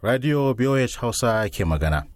Radio BOH Hausa ke magana.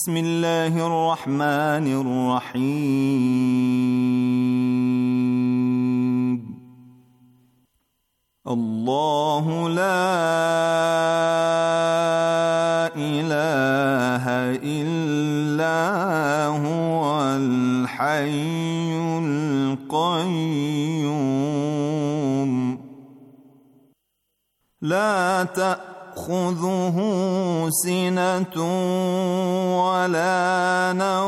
بسم الله الرحمن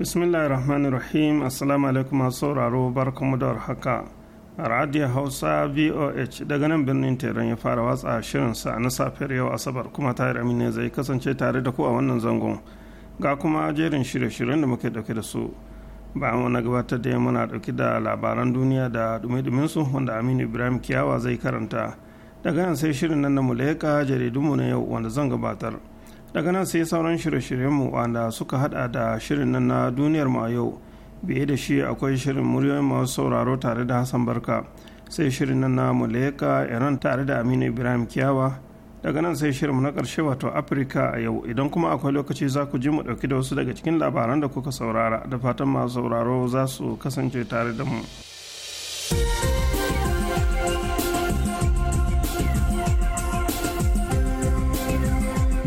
bismillahir rahmanir rahim assalamu alaikum masu sauraro barkamu da haka radio hausa voh daga nan birnin teran ya fara watsa shirinsa na safiyar yau asabar kuma tare ne zai kasance tare da ku a wannan zangon ga kuma jerin shirye-shiryen da muke dauke da su ba mu na gabatar da muna dauke da labaran duniya da dumi su wanda aminu ibrahim kiyawa zai karanta daga nan sai shirin nan na jaridun mu na yau wanda zan gabatar daga nan sai sauran shirye-shiryenmu wanda suka hada da shirin nan na duniyar mu a yau biye da shi akwai shirin muryoyin masu sauraro tare da hassan barka sai shirin nan na mulayaka iran tare da aminu ibrahim kiyawa daga nan sai shirin na karshe wato afirka a yau idan kuma akwai lokaci za ku ji mu dauki da wasu daga cikin labaran da kuka saurara da fatan masu sauraro za su kasance tare da mu.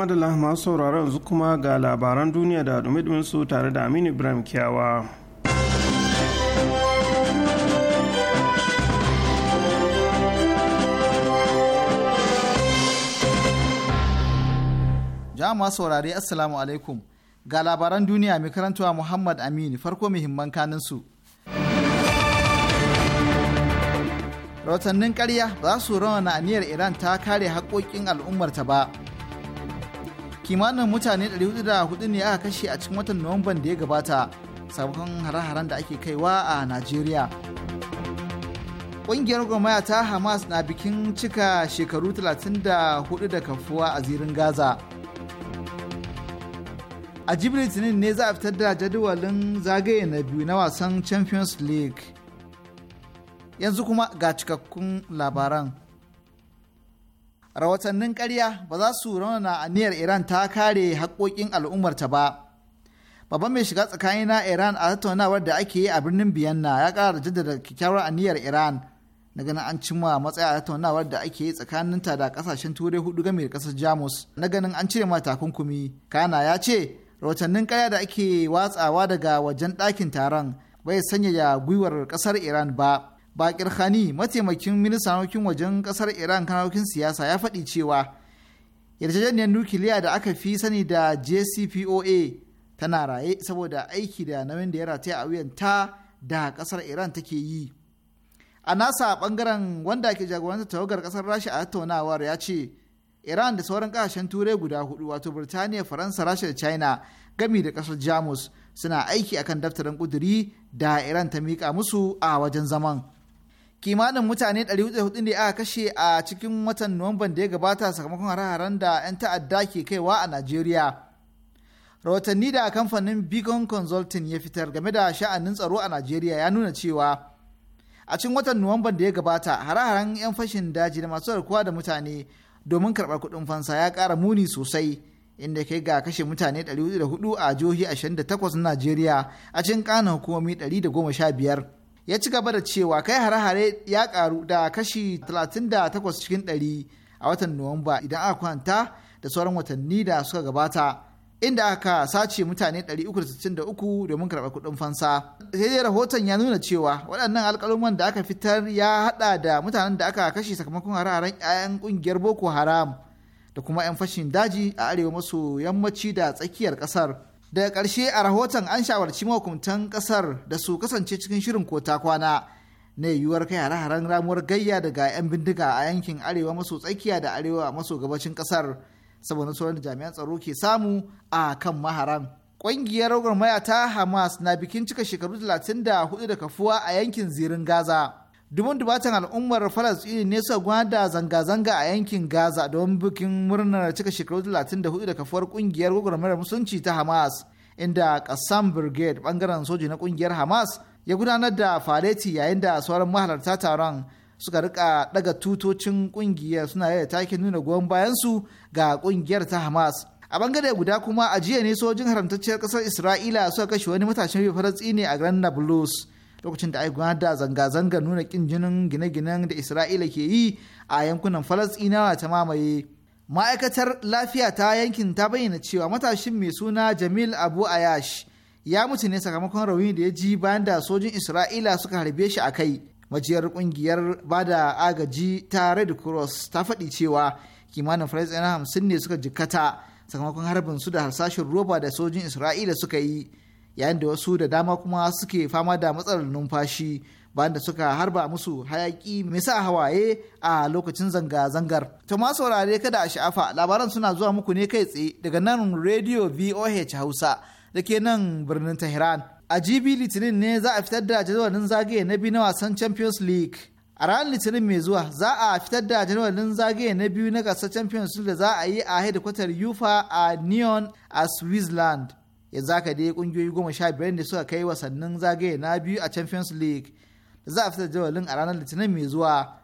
madalla masu sauraron yanzu kuma ga labaran duniya da dumidumin su tare da aminu ibrahim Kiyawa. jama'a saurare assalamu alaikum ga labaran duniya mai karantawa muhammad aminu farko muhimman kanin su rahotannin karya ba su rawa aniyar iran ta kare haƙoƙin al'ummarta ba kimanin mutane 404 ne aka kashe a cikin watan nuwamban da ya gabata sakamakon hare-haren da ake kaiwa a najeriya ƙungiyar gwamnati ta hamas na bikin cika shekaru 34 da kafuwa a zirin gaza a jibin litinin ne za a fitar da jadawalin zagaye na biyu na wasan champions league yanzu kuma ga cikakkun labaran rawatannin karya ba za su raunana aniyar iran ta kare haƙoƙin al'ummarta ba babban mai shiga tsakanin na iran a tattaunawar da ake yi a birnin biyanna ya kara da jaddada kyakkyawar aniyar iran na ganin an cimma matsaya a tattaunawar da ake yi ta da kasashen turai hudu game da kasar jamus na ganin an cire mata takunkumi kana ya ce rawatannin karya da ake watsawa daga wajen dakin taron bai sanyaya gwiwar kasar iran ba bakir khani mataimakin ministan harkokin wajen kasar iran kan harkokin siyasa ya faɗi cewa yarjejeniyar nukiliya da aka fi sani da jcpoa tana raye saboda aiki da nauyin da ya rataya a wuyanta da kasar iran take yi a nasa bangaren wanda ke jagoranta tawagar kasar rasha a tattaunawar ya ce iran da sauran kasashen turai guda hudu wato birtaniya faransa rasha da china gami da kasar jamus suna aiki akan daftarin kuduri da iran ta miƙa musu a wajen zaman. kimanin mutane 400 ne aka kashe a cikin watan nuwamban da ya gabata sakamakon hare-haren da 'yan ta'adda ke kaiwa a najeriya rahotanni da kamfanin beacon consulting ya fitar game da sha'anin tsaro a najeriya ya nuna cewa a cikin watan nuwamban da ya gabata hare-haren 'yan fashin daji da masu garkuwa da mutane domin karɓar kuɗin fansa ya ƙara muni sosai inda kai ga kashe mutane 404 a jihohi 28 na najeriya a cikin ƙanan hukumomi 115 ya ci gaba da cewa kai hare-hare ya karu da kashi 38 cikin 100 a watan nuwamba idan aka kwanta da sauran watanni da suka gabata inda aka sace mutane 363 domin karɓar kuɗin fansa sai dai rahoton ya nuna cewa waɗannan alƙaluman da aka fitar ya haɗa da mutanen da aka kashe sakamakon hare 'ya'yan ƙungiyar boko haram da kuma 'yan fashin daji a arewa maso yammaci da tsakiyar ƙasar daga ƙarshe a rahoton an shawarci mahukuntan ƙasar da su kasance cikin shirin ko ta kwana na yiwuwar kai hare-haren ramuwar gayya daga 'yan bindiga a yankin arewa maso tsakiya da arewa maso gabacin ƙasar saboda sauran da jami'an tsaro ke samu a kan maharan ƙungiyar gwamnati ta hamas na bikin cika shekaru 34 da kafuwa a yankin zirin gaza dubun dubatan al'ummar falasɗini ne suka gwada zanga-zanga a yankin gaza don bikin murnar cika shekaru 34 da kafuwar kungiyar gwagwarmayar musulunci ta hamas inda kassam brigade bangaren soji na kungiyar hamas ya gudanar da faleti yayin da sauran mahalarta taron suka rika daga tutocin kungiyar suna yaya takin nuna goyon su ga kungiyar ta hamas a bangare guda kuma a jiya ne sojin haramtacciyar kasar isra'ila suka kashe wani matashin falasɗini a garin nablus lokacin da ai gudanar da zanga-zanga nuna kin jinin gine-ginen da isra'ila ke yi a yankunan falasɗinawa ta mamaye ma'aikatar lafiya ta yankin ta bayyana cewa matashin mai suna jamil abu ayash ya mutu ne sakamakon rauni da ya ji bayan da sojin isra'ila suka harbe shi a kai majiyar kungiyar bada agaji ta red cross ta faɗi cewa kimanin falasɗinawa hamsin ne suka jikkata sakamakon harbin su da harsashin roba da sojin isra'ila suka yi yayin da wasu da dama kuma suke fama da matsalar numfashi bayan da suka harba musu hayaki mai sa hawaye a lokacin zanga-zangar. To ma saurare kada a sha'afa labaran suna zuwa muku ne kai tsaye daga nan Radio VOH Hausa da ke nan birnin Tehran. A GB Litinin ne za a fitar da jadawalin zagaye na biyu na wasan Champions League. A ranar Litinin mai zuwa za a fitar da jadawalin zagaye na biyu na gasar Champions League da za a yi a hedikwatar yufa a Neon a Switzerland. yanzu haka dai kungiyoyi goma sha biyar ne suka kai wasannin zagaye na biyu a champions league da za a fitar jawalin a ranar litinin mai zuwa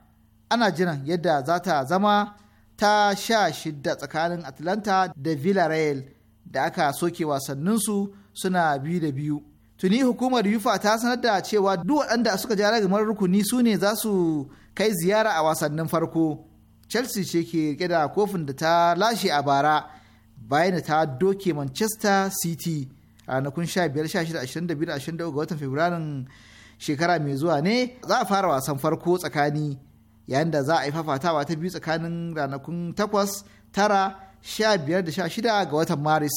ana jiran yadda za ta zama ta sha shida tsakanin atlanta da villarreal da aka soke wasannin su suna biyu da biyu tuni hukumar yufa ta sanar da cewa duk waɗanda suka ja ragamar rukuni su ne za su kai ziyara a wasannin farko chelsea ce ke rike da kofin da ta lashe a bara bayan ta doke manchester city a ranakun 15 16 22 ga watan fabrairun shekara mai zuwa ne za a fara wasan farko tsakani yayin da za a yi fafatawa ta biyu tsakanin ranakun 8 9 15 16 ga watan maris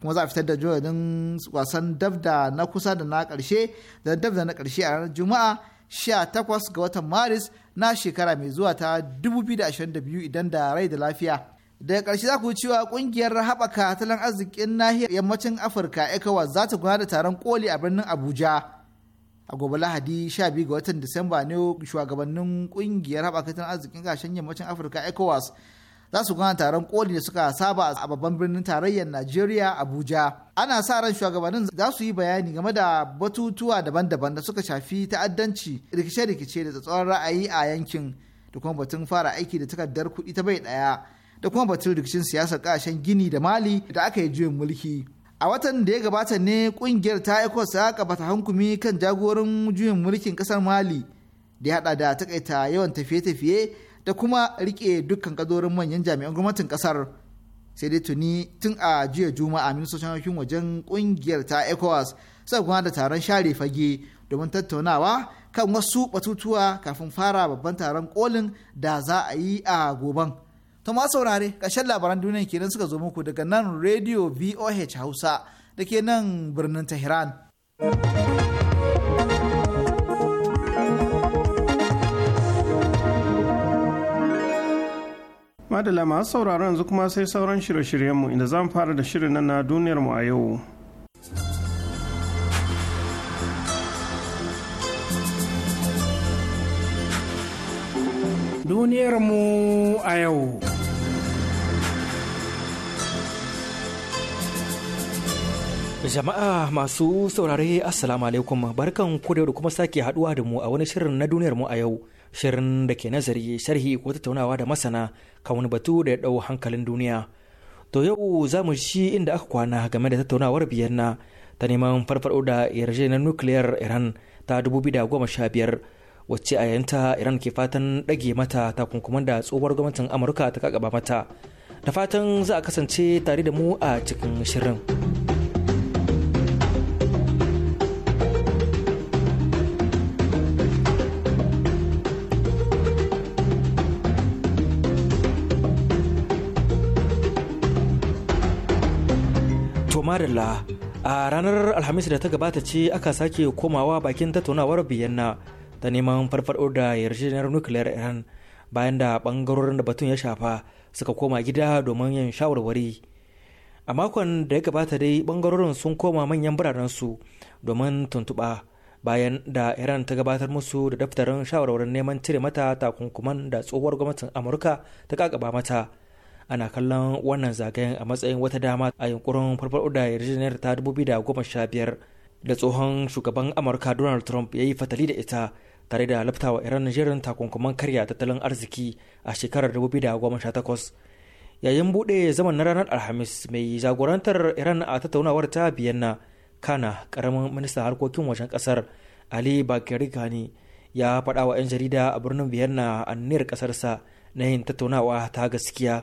kuma za a fitar da jodin wasan dabda na kusa da na karshe da dabda na karshe a ranar juma'a 18 ga watan maris na shekara mai zuwa ta 2022 idan da rai da lafiya daga karshe za ku cewa kungiyar haɓaka tattalin arzikin nahiyar yammacin afirka ecowas za ta gudanar da taron koli a birnin abuja a gobe lahadi 12 ga watan disamba ne shugabannin ƙungiyar haɓaka tattalin arzikin gashen yammacin afirka ecowas za su gudanar taron koli da suka saba a babban birnin tarayyar najeriya abuja ana sa ran shugabannin za su yi bayani game da batutuwa daban-daban da suka shafi ta'addanci rikice-rikice da tsatsauran ra'ayi a yankin da kuma batun fara aiki da takardar kuɗi ta bai ɗaya da kuma batun rikicin siyasar kasashen gini da mali da aka yi juyin mulki a watan da ya gabata ne kungiyar ta ecos ta kabata hankumi kan jagorin juyin mulkin kasar mali da ya hada da takaita yawan tafiye-tafiye da kuma rike dukkan kadorin manyan jami'an gwamnatin kasar sai dai tuni tun a jiya juma'a ministocin harkokin wajen kungiyar ta ecowas suka kuma da taron share fage domin tattaunawa kan wasu batutuwa kafin fara babban taron kolin da za a yi a goban To ma saurare ƙarshen labaran duniya kenan suka zo muku daga nan Radio VOH Hausa da ke nan birnin Tehran. Madala masu sauraron yanzu kuma sai sauran shirye-shiryenmu inda za mu fara da shirin na duniyarmu a yau. duniyarmu a yau. Jama'a masu saurare Assalamu alaikum barkan ku da kuma sake haduwa da mu a wani shirin na duniyar mu a yau shirin da ke nazari sharhi ko tattaunawa da masana kan wani batu da ya dau hankalin duniya. To yau za mu shi inda aka kwana game da tattaunawar na ta neman farfado da yarje na nukiliyar Iran ta sha biyar wacce a yanta Iran ke fatan dage mata takunkuman da tsohuwar gwamnatin Amurka ta kakaba mata. Da fatan za a kasance tare da mu a cikin shirin. Madalla a ranar Alhamis da ta gabata ce aka sake komawa bakin tattaunawar Biyanna ta neman farfado da yarjejeniyar nukiliyar Iran bayan da bangarorin da batun ya shafa suka koma gida domin yin shawarwari. A makon da ya gabata dai bangarorin sun koma manyan biranensu domin tuntuɓa bayan da Iran ta gabatar musu da daftarin shawarwarin neman cire mata takunkuman da tsohuwar gwamnatin Amurka ta kakaba mata. ana kallon wannan zagayen a matsayin wata dama a yunkurin farfaɗo da yarjejeniyar ta dubu biyu da biyar da tsohon shugaban amurka donald trump ya yi fatali da ita tare da laftawa iran jerin takunkuman karya tattalin arziki a shekarar dubu biyu da takwas yayin buɗe zaman na ranar alhamis mai jagorantar iran a tattaunawar ta biyanna kana karamin ministan harkokin wajen kasar ali bakari gani ya faɗa wa 'yan jarida a birnin biyanna a niyar ƙasarsa na yin tattaunawa ta gaskiya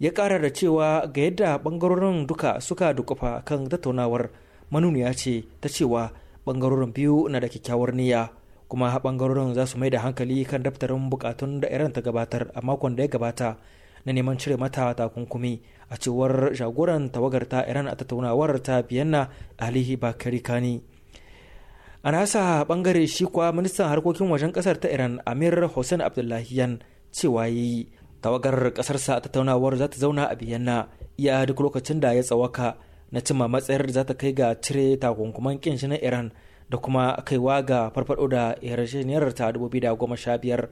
ya ƙara da cewa ga yadda ɓangarorin duka suka dukufa kan tattaunawar manuniya ce ta cewa ɓangarorin biyu na da kyakkyawar niyya kuma ɓangarorin za su mai da hankali kan daftarin bukatun da iran ta gabatar a makon da ya gabata na neman cire mata takunkumi a cewar jagoran tawagar ta iran a tattaunawar ta biyanna alihi bakari kani a nasa bangare shi kuwa ministan harkokin wajen kasar ta iran amir hussein abdullahiyan cewa ya yi tawagar kasarsa a tattaunawar za ta zauna a biyanna iya duk lokacin da ya tsawaka na cimma matsayar da za ta kai ga cire takunkuman kin shi na iran da kuma kaiwa ga farfado da yarjejeniyar ta biyar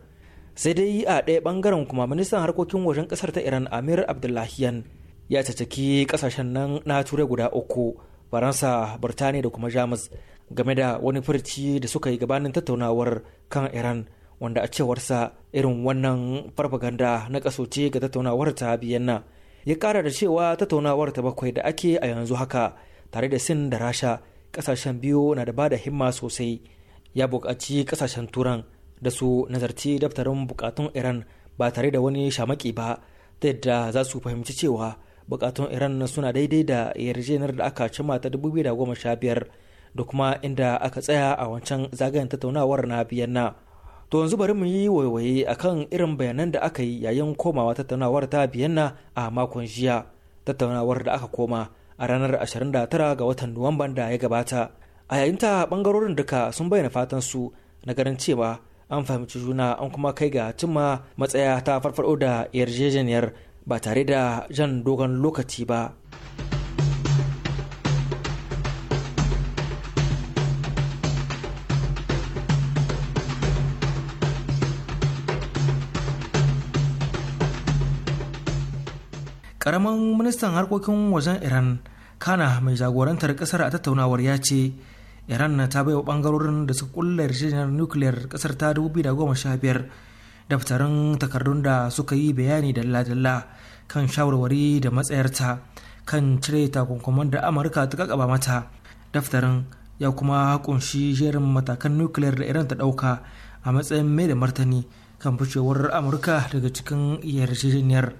sai dai a ɗaya ɓangaren kuma ministan harkokin wajen ƙasar ta iran amir abdullahiyan ya caceki ƙasashen nan na turai guda uku faransa birtaniya da kuma jamus game da wani furci da suka yi gabanin tattaunawar kan iran wanda a cewarsa irin wannan farfaganda na ce ga tattaunawar ta biyanna ya kara da cewa tattaunawar ta bakwai da ake a yanzu haka tare da sin da rasha kasashen biyu na da bada himma sosai ya bukaci kasashen turan da su nazarci daftarin bukatun iran ba tare da wani shamaki ba ta yadda za su fahimci cewa bukatun iran suna daidai da yarjejeniyar da aka cima ta 2015 da kuma inda aka tsaya a wancan zagayen tattaunawar na biyanna To yanzu bari mu yi waiwaye akan irin bayanan da aka yi yayin komawa tattaunawar ta biyanna a makon jiya. Tattaunawar da aka koma a ranar 29 ga watan Nuwamban da ya gabata. A yayin ta bangarorin duka sun bayyana fatan su na garin cewa an fahimci juna an kuma kai ga cimma matsaya ta farfado da yarjejeniyar ba tare da jan dogon lokaci ba. karamin ministan harkokin wajen iran kana mai jagorantar kasar a tattaunawar ya ce iran na ta baiwa bangarorin da suka kulla yarjejeniyar nukiliyar kasar ta 2015 daftarin takardun da suka yi bayani dalla-dalla kan shawarwari da matsayarta kan cire takunkuman da amurka ta kakaba mata daftarin ya kuma kunshi jerin matakan nukiliyar da iran ta dauka a matsayin mai da martani kan fushewar amurka daga cikin yarjejeniyar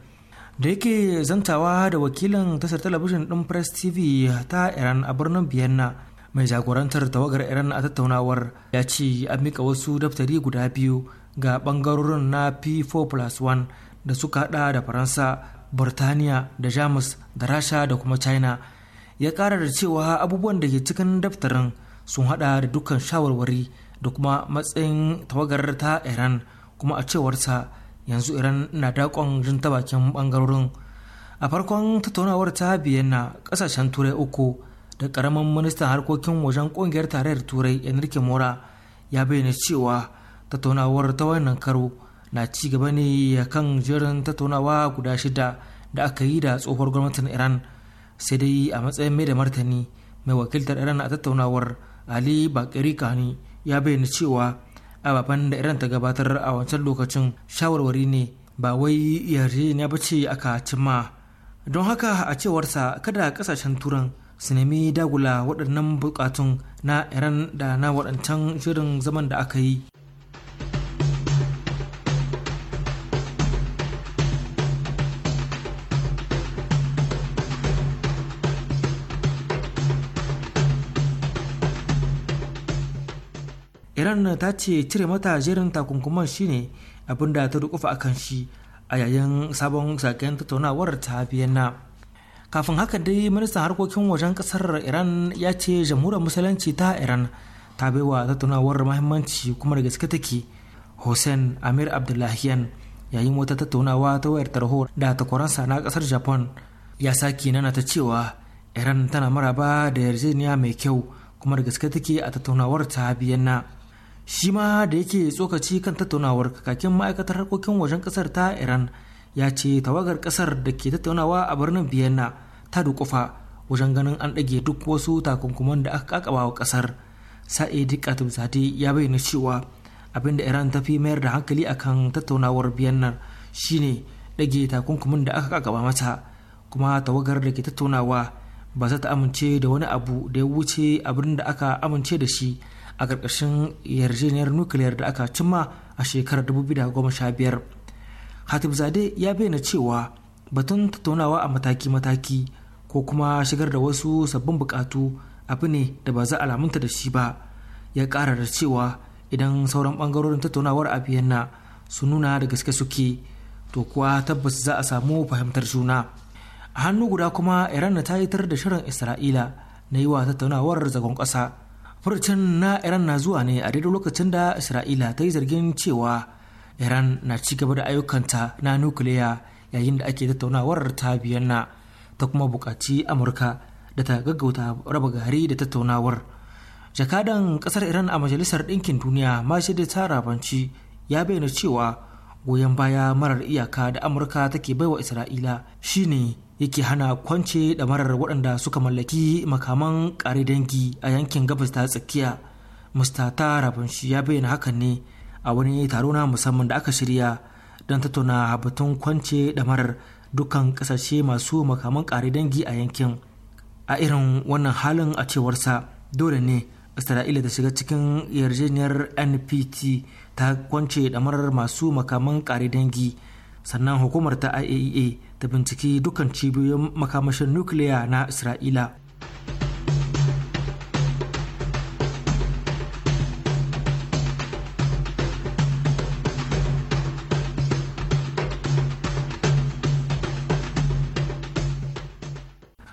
da yake zantawa da wakilin tasar talabijin ɗin press tv ta iran a birnin vienna mai jagorantar tawagar iran a tattaunawar ya ce an mika wasu daftari guda biyu ga bangarorin na p4 plus 1 da suka hada da faransa burtaniya da jamus da rasha da kuma china ya kara da cewa abubuwan da ke cikin daftarin sun hada da dukkan shawarwari da kuma matsayin tawagar ta iran kuma a cewarsa yanzu iran na dakon jin ta bakin bangarorin a farkon tattaunawar ta biyanna kasashen turai uku da karamin ministan harkokin wajen kungiyar tarayyar turai enrique mora ya bayyana cewa tattaunawar ta wannan karo na ci gaba ne kan jerin tattaunawa guda shida da aka yi da tsohuwar gwamnatin iran sai dai a matsayin mai da martani mai wakiltar iran a tattaunawar ali bakari kani ya bayyana cewa ababen da irin ta gabatar a wancan lokacin shawarwari ne ba wai yarje ne ba ce aka cimma don haka a cewarsa kada kasashen turan su nemi dagula waɗannan bukatun na iran da na waɗancan shirin zaman da aka yi iran ta ce cire mata jerin takunkuman shine abin da ta rukufa a kan shi a yayin sabon saken tattaunawar ta na. kafin haka dai ministan harkokin wajen kasar iran ya ce jamhuriyar musulunci ta iran ta baiwa tattaunawar mahimmanci kuma da gaske take hussein amir abdullahian yayin wata tattaunawa ta wayar tarho da takwaransa na kasar japan ya saki nana ta cewa iran tana maraba da yarjejeniya mai kyau kuma da gaske take a tattaunawar ta biyanna shi ma da yake tsokaci kan tattaunawar kakakin ma'aikatar harkokin wajen kasar ta iran ya ce tawagar kasar da ke tattaunawa a birnin vienna ta dukufa wajen ganin an ɗage duk wasu takunkuman da aka kakaba wa kasar sa'idi katib zade ya bayyana cewa abinda iran ta fi mayar da hankali akan tattaunawar vienna shine ɗage takunkumin da aka kakaba mata kuma tawagar da ke tattaunawa ba za ta amince da wani abu da ya wuce abin da aka amince da shi a ƙarƙashin yarjejeniyar nukiliyar da aka cimma a shekarar biyar hatib zade ya bayyana cewa batun tattaunawa a mataki-mataki ko kuma shigar da wasu sabbin bukatu abu ne da ba za a lamunta da shi ba ya ƙara da cewa idan sauran ɓangarorin tattaunawar a biyanna su nuna da gaske suke to kuwa tabbas za a samu fahimtar juna a hannu guda kuma iran ta yi tar da shirin isra'ila na yi wa tattaunawar zagon ƙasa furucin na iran na zuwa ne a daidai lokacin da isra'ila ta yi zargin cewa iran na ci gaba da ayyukanta na nukiliya yayin da ake tattaunawar ta biyanna ta kuma buƙaci amurka da ta gaggauta raba gari da tattaunawar jakadan ƙasar iran a majalisar ɗinkin duniya mashi da ta ya bayyana cewa goyon baya marar iyaka da amurka take baiwa isra'ila shine yake hana kwance da marar waɗanda suka mallaki makaman ƙare dangi a yankin gabas ta tsakiya mustata rabanshi ya bayyana hakan ne a wani taro na musamman da aka shirya don tattauna batun kwance da marar dukkan ƙasashe masu makaman ƙare dangi a yankin a irin wannan halin a cewarsa dole ne isra'ila ta shiga cikin yarjejeniyar npt ta kwance da marar masu makaman ƙare dangi sannan hukumar ta iaea e ta binciki dukkan cibiyoyin makamashin nukiliya na isra'ila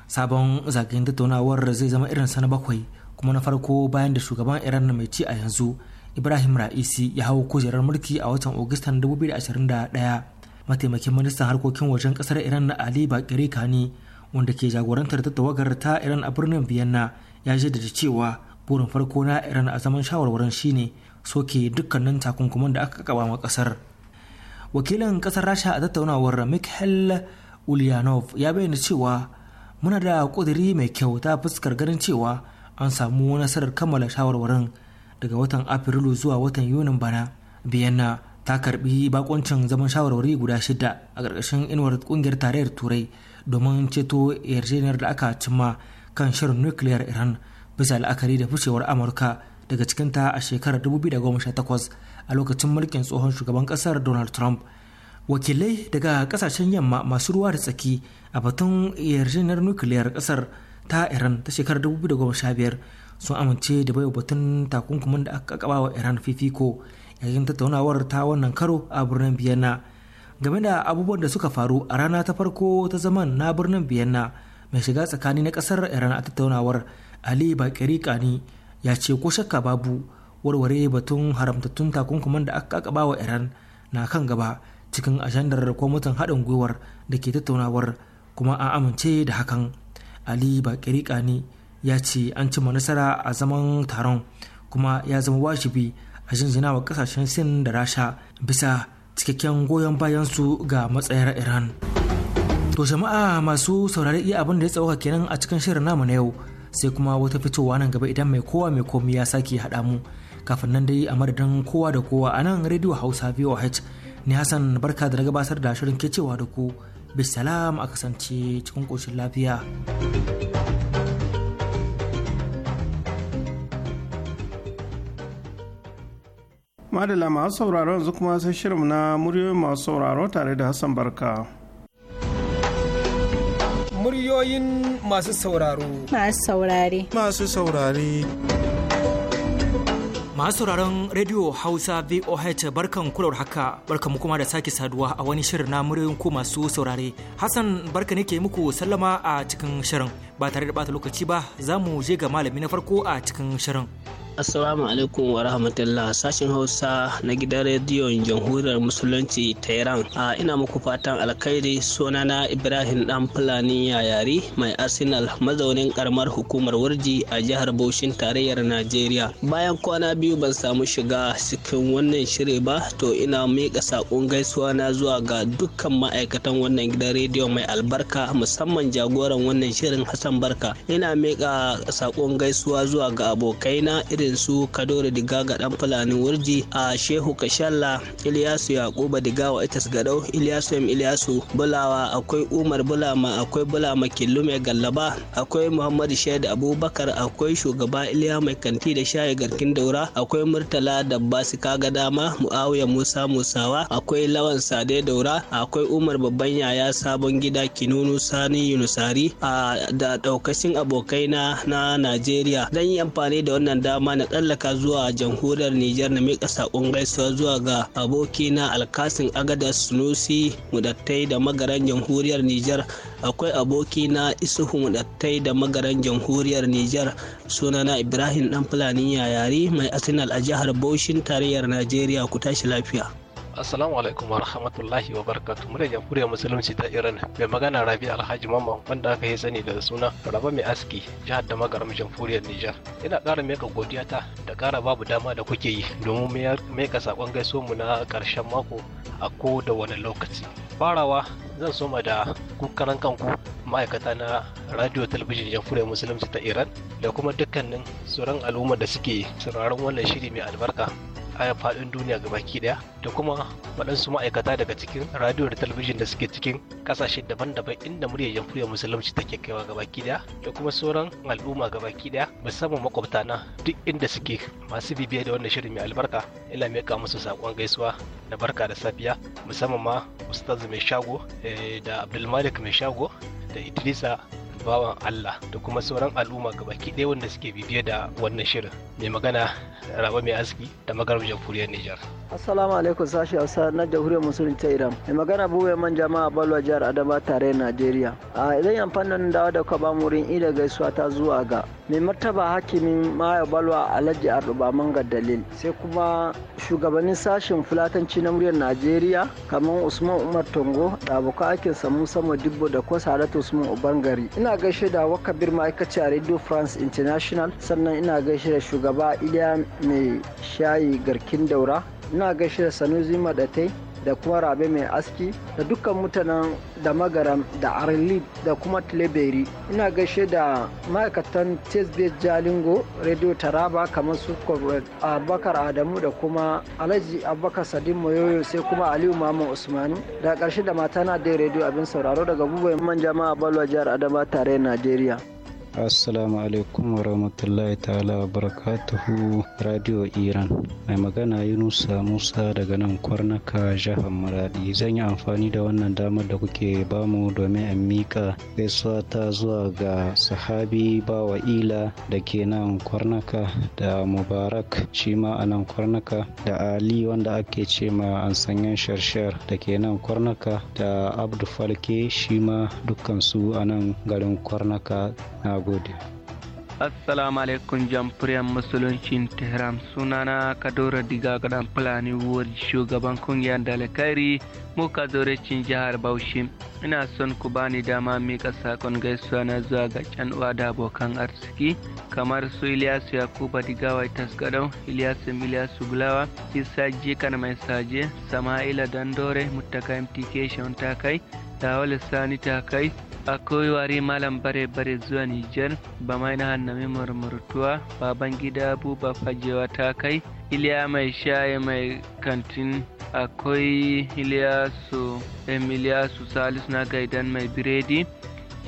sabon zagayen tattaunawar zai zama irin sana bakwai kuma na farko bayan da shugaban iran mai ci a yanzu ibrahim ra'isi ya hau kujerar mulki a watan agustan 2021 mataimakin ministan harkokin wajen kasar iran na ali bakiri kani wanda ke jagorantar tattawagar ta iran a birnin vienna ya jaddada cewa burin farko na iran a zaman shawarwarin shine soke dukkanin takunkuman da aka kaba ma kasar wakilin kasar rasha a tattaunawar mikhail ulyanov ya bayyana cewa muna da ƙudiri mai kyau ta fuskar ganin cewa an samu nasarar kammala shawarwarin daga watan afrilu zuwa watan yunin bana biyanna ta karbi bakoncin zaman shawarwari guda shida a ƙarƙashin inuwar kungiyar tarayyar turai domin ceto yarjejeniyar da aka cimma kan shirin nukiliyar iran bisa la'akari da fushewar amurka daga cikinta a shekarar 2018 a lokacin mulkin tsohon shugaban ƙasar donald trump wakilai daga ƙasashen yamma masu ruwa da tsaki a batun yarjejeniyar nukiliyar ƙasar ta iran ta shekarar 2015 sun amince da baiwa batun takunkumin da aka kaba wa iran fifiko yayin tattaunawar ta wannan karo a birnin biyanna game da abubuwan da suka faru a rana ta farko ta zaman na birnin biyanna mai shiga tsakani na kasar iran a tattaunawar ali bakiri kani ya ce ko shakka babu warware batun haramtattun takunkuman da aka kaba wa iran na kan gaba cikin ajandar kwamitin haɗin gwiwar da ke tattaunawar kuma an amince da hakan ali bakiri kani ya ce an cima nasara a zaman taron kuma ya zama wajibi a jinjina wa kasashen sin da rasha bisa cikakken goyon bayansu ga matsayar iran to jama'a masu saurari iya abin da ya tsawaka kenan a cikin shirin namu na yau sai kuma wata fitowa nan gaba idan mai kowa mai komi ya sake haɗa mu kafin nan dai a madadin kowa da kowa a nan rediyo hausa voh ni hassan barka da na gabatar da shirin ke cewa da ku bisalam a kasance cikin ƙoshin lafiya. madala masu sauraro yanzu kuma sai shirin na muryoyin masu sauraro tare da hassan barka muryoyin masu sauraro masu saurare masu saurare masu sauraron rediyo hausa voh barkan kular haka barkan kuma da sake saduwa a wani shirin na muryoyin ku masu saurare hassan barka ne ke muku sallama a cikin shirin ba tare da bata lokaci ba za mu je ga malami na farko a cikin shirin Assalamu alaikum wa rahmatullah sashen Hausa na gidan rediyon Jamhuriyar Musulunci Tehran. A ina muku fatan alkhairi sunana Ibrahim Dan Fulani Yayari mai Arsenal mazaunin karamar hukumar Warji a jihar Bauchin tarayyar Najeriya. Bayan kwana biyu ban samu shiga cikin wannan shiri ba to ina mika saƙon gaisuwa na zuwa ga dukkan ma'aikatan wannan gidan rediyo mai albarka musamman jagoran wannan shirin Hassan Barka. Ina miƙa sakon gaisuwa zuwa ga abokaina irin su kadore ga dan fulani wurji a shehu kashalla iliyasu yakuba digawa itas gadau iliyasu m iliyasu bulawa akwai umar bulama akwai bulama killu mai gallaba akwai muhammadu shaidu abubakar akwai shugaba iliya mai kanti da shayi garkin daura akwai murtala da basu kaga dama muawiya musa musawa akwai lawan sade daura akwai umar babban yaya sabon gida kinunu sani yunusari a da daukashin abokai na na najeriya zan yi amfani da wannan dama amma na tsallaka zuwa jamhuriyar Nijar na miƙa saƙon gaisuwa zuwa ga abokina Alkasin Agada Sunusi Mudattai da magaran jamhuriyar Nijar akwai abokina Isuhu Mudattai da magaran jamhuriyar Nijar sunana Ibrahim ɗan Fulani Yayari mai Arsenal a jihar Baushin tarayyar Najeriya ku tashi lafiya. Assalamu alaikum wa rahmatullahi wa barakatu mu da jamhuriyar musulunci ta Iran mai magana Rabi Alhaji Mamman wanda aka yi sani da suna Raba mai aski jihar da magaram jamhuriyar Nijar. Ina ƙara meka godiya ta da ƙara babu dama da kuke yi domin meka sakon gaiso mu na ƙarshen mako a ko da wani lokaci. Farawa zan soma da kukaran kanku ma'aikata na radio talabijin jamhuriyar musulunci ta Iran da kuma dukkanin tsoron al'umma da suke sauraron wannan shiri mai albarka a faɗin duniya gabaki ɗaya da kuma waɗansu ma'aikata daga cikin radiyo da talabijin da suke cikin ƙasashe daban-daban inda muryar jamhuriyar musulunci take kaiwa gabaki ɗaya da kuma sauran al'umma gabaki ɗaya musamman makwabta na duk inda suke masu bibiya da wannan shirin mai albarka ina miƙa musu saƙon gaisuwa da barka da safiya musamman ma ustaz mai shago eh, da abdulmalik mai shago da idrisa bawan Allah da kuma sauran al'umma gabaki ɗaya wanda suke bibiye da wannan shirin mai magana raba mai aski da magarar jamhuriyar Nijar. Assalamu alaikum sashi Hausa na jamhuriyar musulun ta Iran. Mai magana buwe man jama'a Balwa jihar Adama tare Najeriya. A idan yan fannin dawa da kwa bamu murin ida gaisuwa ta zuwa ga mai martaba hakimin maya balwa alhaji arba manga dalil sai kuma shugabannin sashen fulatanci na muryar najeriya kamar usman umar tongo da abokan aikin samu musa dibbo da kuma saratu usman ubangari ina gaishe da wakabir ma'aikaci a radio france international sannan ina gaishe da shugaba iliya mai shayi garkin daura ina gaishe da sanusi madatai da kuma rabe mai aski da dukkan mutanen da magaram da arlib da kuma tileberi ina gaishe da ma'aikatan tesbe jalingo radio taraba kamar su abubakar adamu da kuma alhaji abubakar sadin moyoyo sai kuma aliyu mamman usmanu da karshe da mata na da radio abin sauraro daga bubai man jama'a balwa jihar adama tare najeriya Assalamu alaikum wa rahmatullahi ta'ala wa barakatuhu Radio Iran. Mai magana Yunusa Musa daga nan kwarnaka jihar Maradi. Zan yi amfani da wannan damar da kuke bamu domin in mika gaisuwa ta zuwa ga sahabi bawa ila da ke nan kwarnaka da Mubarak shi ma a nan kwarnaka da Ali wanda ake ce ma an sanyan sharshar da ke nan kwarnaka da Abdu Falke shi ma dukkan su a nan garin kwarnaka na gode. assalamu alaikum jamhuriyar musuluncin tehran sunana kadora diga gadan fulani ward shugaban kungiyar dalakari muka zorecin jihar bauchi ina son ku bani dama mika sakon gaisuwa na zuwa ga can uwa da abokan arziki kamar su iliyasu yakuba digawa tasgadau iliyasu miliyasu bulawa isa jikan mai saje sama'ila dandore mutaka mtk kai. tawale sani ta kai akwai wari malam bare bare zuwa nijar ba mai na hannami murmurtuwa baban gida buba fajewa ta kai iliya mai shaye mai kantin akwai iliyasu emiliyasu salisu na gaidan mai biredi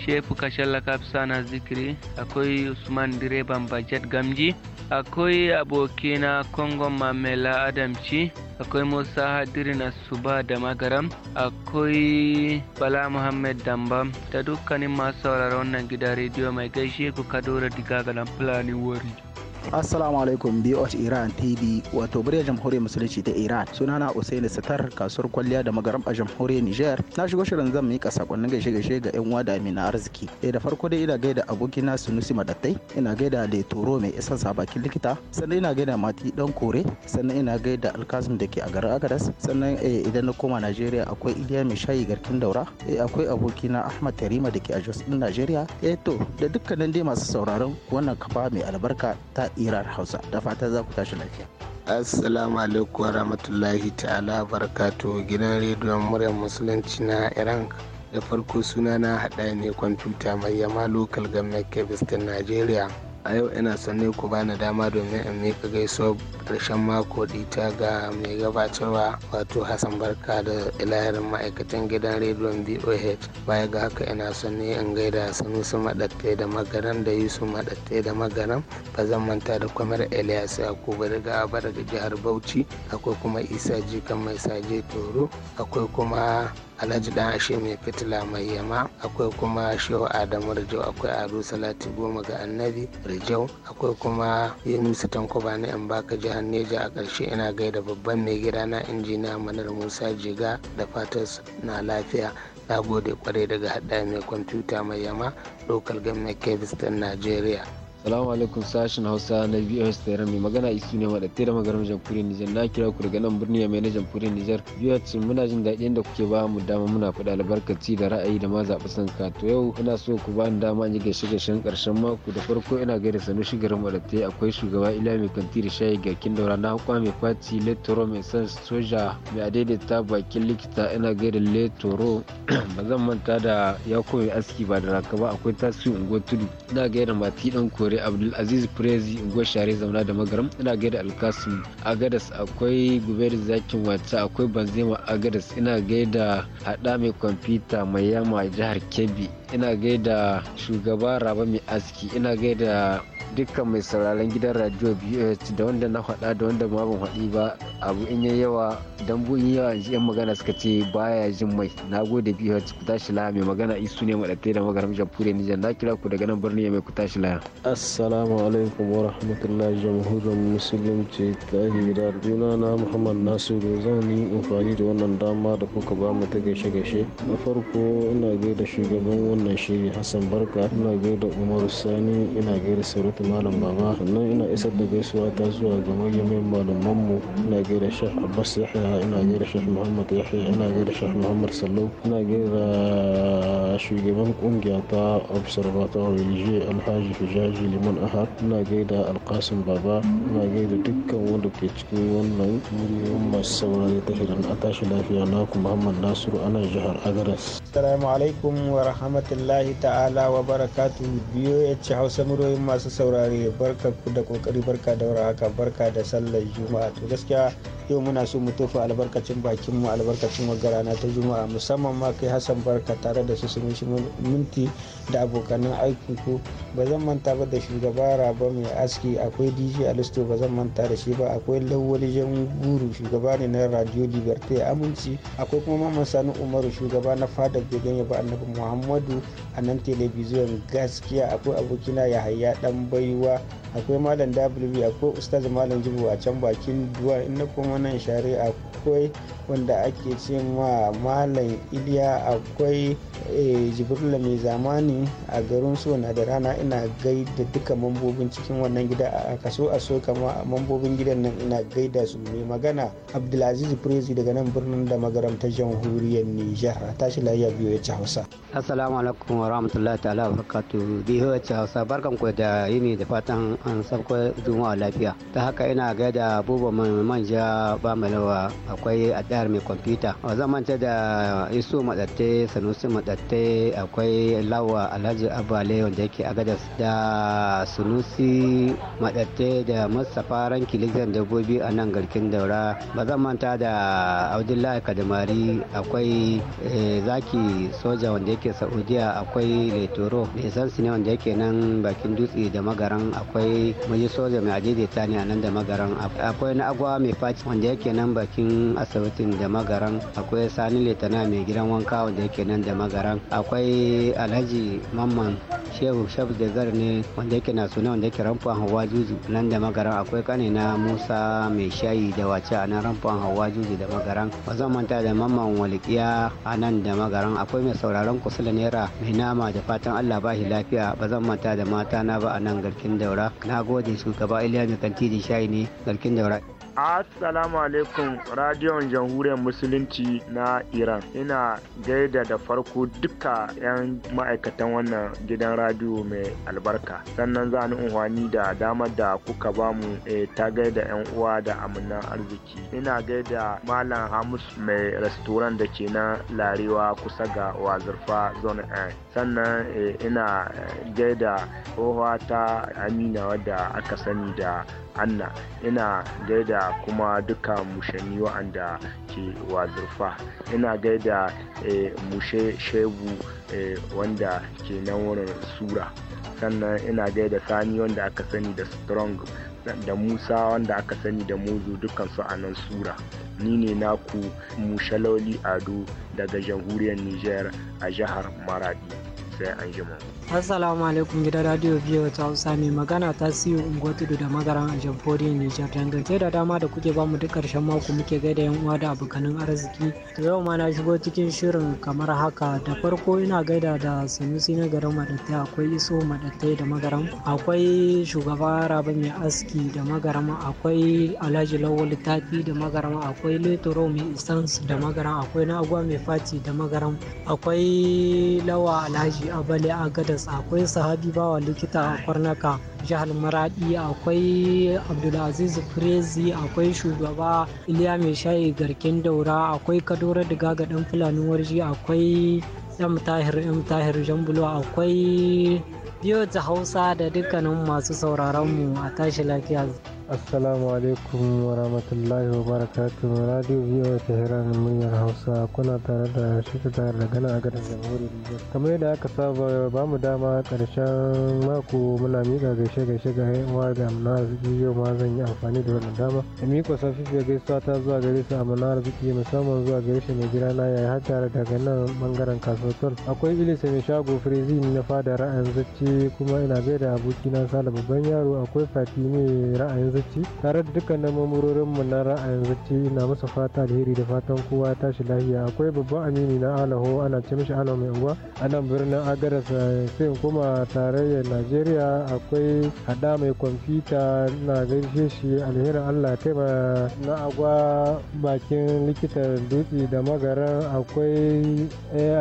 shefu kashalla kapsa na zikiri akwai usman direban bajet gamji akwai abokina Kongo mamela adamci akwai musa hadiri na suba da magaram akwai bala muhammed dambam da dukkanin masu sauraron wannan gida rediyo mai gaishe ku kadora diga ga fulani wari Assalamu alaikum BOH Iran TV wato birya jamhuriyar musulunci ta Iran sunana Usaini Sitar kasuwar kwalliya da magaram a jamhuriyar Niger na shigo shirin zan mika sakonnin gaishe gaishe ga yan uwa da amina arziki eh da farko dai ina gaida abokina Sunusi Madattai ina gaida Letoro mai isan bakin likita sannan ina gaida Mati dan kore sannan ina gaida Alkazum da ke a garin Agadas sannan eh, idan na koma Najeriya akwai Iliya mai shayi garkin daura eh akwai abokina Ahmad Tarima da ke a Jos din Najeriya eh to da dukkanin dai masu sauraron wannan kafa mai albarka ta irar hausa da fata za ku tashi lafiya assalamu alaikum rahmatullahi ta'ala barakatu gidan rediyon muryar musulunci na iran da farko suna na haɗa ne kwamfuta mai yama lokal government kebis ta najeriya a yau ina son ne ku bani dama domin in miƙa gaisuwa ƙarshen mako dita ga mai gabatarwa wato hassan barka da ilayarin ma'aikatan gidan rediyon boh baya ga haka ina son ne in gaida sanusi maɗatte da magaran da yusuf maɗatte da magaran ba zan manta da kwamar elias yakubu daga abar da jihar bauchi akwai kuma isa jikan mai saje toro akwai kuma alhaji dan ashe mai fitila mai yama akwai kuma shehu adamu rijau akwai ado salati goma ga annabi rijau akwai kuma yunusa tankoba na in baka jihar neja a ƙarshe ina gaida babban mai gida na injiniya manar musa jiga da fatan na lafiya na gode kwarai daga hada mai kwamfuta mai yama local government kebis najeriya Salamu alaikum sashen Hausa na VOS Tehran mai magana isu ne wadda da magaram jamhuriyar Nijar na kira ku daga nan birni mai na jamhuriyar Nijar. VOS muna jin daɗi da kuke ba mu dama muna faɗa albarkaci da ra'ayi da ma zaɓi ka To yau ina so ku ba ni dama in yi gaishe-gaishen ƙarshen mako da farko ina gaida shigar shigarin wadda akwai shugaba Ila mai kanti da shayi ga kin daura na hukwa mai faci Letoro mai son soja mai adaidaita bakin likita ina gaida Letoro ba zan manta da ya koyi aski ba da raka ba akwai tasiri unguwar tudu ina gaida mati ɗan kore bare abdulaziz prezi unguwar share zauna da magaram ina gaida alkasim agadas akwai guberi zakin wata akwai banzema agadas ina gaida hada mai kwamfuta mai yama jihar kebbi ina gaida shugaba raba mai aski ina gaida dukkan mai sauraron gidan radio bh da wanda na faɗa da wanda ma ban faɗi ba abu in yayi yawa dan in yawa ji yan magana suka ce baya jin mai na gode bh ku tashi laya mai magana isu ne madatte da magaram jamhuriyar nijar na kira ku daga nan birni mai ku tashi laya assalamu alaikum wa rahmatullahi jamhuriyar musulunci ta hira juna na muhammad nasiru zan yi amfani da wannan dama da kuka ba mu ta gaishe-gaishe na farko ina gaida shugaban wannan shiri hassan barka ina gaida umaru sani ina gaida sarautu malam baba sannan ina isar da gaisuwa ta zuwa ga manyan malaman mu ina gaida shah abbas yahya ina gaida shah muhammad yahya ina gaida shah muhammad sallau ina gaida shugaban kungiya ta observatory je alhaji hijaji liman ahar ina gaida alkasim baba ina gaida dukkan wanda ke cikin wannan miliyoyin masu saurari ta shirin a tashi lafiya naku muhammad nasiru ana jihar agadas assalamu alaikum wa rahmatullahi rahmatullahi ta'ala wa barakatu biyo ya ci hausa muryoyin masu saurare barka da kokari barka da haka barka da sallar juma'a to gaskiya yau muna so mu tofa albarkacin bakin mu albarkacin wagarana ta juma'a musamman ma kai hassan barka tare da su sun shi minti da abokanan aiki ko ba zan manta ba da shugaba raba mai aski akwai dj alisto ba zan manta da shi ba akwai lawali jan guru shugaba ne na radio liberté aminci akwai kuma mamman sani umaru shugaba na fadar gidan yaba annabi muhammadu a nan telebijin gaskiya akwai abokina yahaya dan baiwa akwai malam w akwai ustaz malam jibo a can bakin duwa in na kuma nan share akwai wanda ake ce ma malam iliya akwai eh, jibrila mai zamani a garin na da rana ina gaida duka mambobin cikin wannan gida a kaso a so kama mambobin gidan nan ina gaida su mai magana abdulaziz prezi daga nan birnin da magaramtar jamhuriyar nijar a tashi lafiya biyu ya ci hausa assalamu alaikum wa rahmatullahi ta'ala wa biyu ya ci hausa barkan ku da yini da fatan an sabko juma'a lafiya ta haka ina gaida buba mai manja ba malawa akwai adayar mai kwamfuta a zamanta da isu madatte sanusi madatte akwai lawa alhaji abale wanda yake agadas da sanusi madatte da mustapha ranki likitan dabbobi a nan garkin daura ba zan manta da abdullahi kadamari akwai eh, zaki soja wanda yake saudiya akwai letoro mai sansu wanda yake nan bakin dutse da magaran akwai akwai muji soja mai ajiyar ne a nan da magaran akwai na agwa mai faci wanda yake nan bakin asibitin da magaran akwai sani letana mai gidan wanka wanda yake nan da magaran akwai alhaji mamman shehu shabu da zar ne wanda yake na suna wanda yake ramfan hawa juju nan da magaran akwai kane na musa mai shayi da wace a nan ramfan hawa juju da magaran ba zan manta da mamman walikiya a nan da magaran akwai mai sauraron da naira mai nama da fatan allah ba shi lafiya ba zan manta da mata na ba a nan garkin daura na gode shugaba iliya mai kanti da shayi ne garkin daura Assalamu alaikum radiyon jamhuriyar musulunci na Iran. Ina gaida da farko duka 'yan ma'aikatan wannan gidan radiyo mai albarka. Sannan za ni unhwani da damar da kuka bamu e, eh, ta gaida 'yan uwa da amunan arziki. Ina gaida Malam Hamus mai restaurant da ke na Larewa kusa ga Wazirfa Zone A. Sannan eh, ina eh, gaida tsohuwa ta Amina wadda aka sani da anna ina gaida kuma duka mushanni wa'anda ke wazirfa ina gaida eh, mushe shebu eh, wanda ke nan wurin sura sannan ina gaida sani wanda aka sani da strong da musa wanda aka sani da mozu dukansu a nan sura ni ne naku mushaloli ado daga jamhuriyar niger a jihar maradi sai an jima. Assalamu alaikum gidan radio biyu ta Hausa mai magana ta siyo Ungotudu da magaran a jamhuriyar Nijar dangance da dama da kuke bamu duk karshen mako muke gaida yan uwa da abokanin arziki. Yau ma na shigo cikin shirin kamar haka da farko ina gaida da Sanusi na garin Madattai akwai Iso madatai da magaram akwai shugaba Rabi mai aski da magaram akwai Alhaji Lawal Tafi da magaram akwai Letoro mai Isans da magaram akwai Nagwa mai Fati da magaram akwai Lawa Alhaji a bale a gadas akwai Sahabi Bawa likita a Kwarnaka jihar Maradi akwai Abdulaziz Firezi akwai shugaba Iliya Mai Shayi Garken Daura akwai kadorar da ga Fulani Warji akwai M Tahir yan Tahir Jambulo akwai biyo ta Hausa da dukkanin masu sauraron mu a tashi lafiya. assalamu alaikum wa rahmatullahi wa barakatuh radio ta tehran muryar hausa kuna tare da shi tare da gana a garin jamhuriyar niger kamar yadda aka saba ba mu dama karshen mako muna miƙa gaishe gaishe ga yawa ga amina arziki yau ma zan yi amfani da wannan dama da miko safifiya gaisuwa ta zuwa gare su amina arziki musamman zuwa gare shi mai gida na yayi har tare daga nan bangaren kasuwar akwai ilisa mai shago firizi na fada ra'ayin zacce kuma ina gaida abokina sala babban yaro akwai fatime ra'ayin zacce tare da dukkanin mamurorin mu na ra'ayin zuci na masa fata alheri da fatan kowa ya tashi lafiya akwai babban amini na alaho ana ce mishi ana mai unguwa a birnin agadas sai koma tarayyar najeriya akwai hada mai kwamfuta na gaishe shi alherin allah kai na agwa bakin likitan dutse da magaran akwai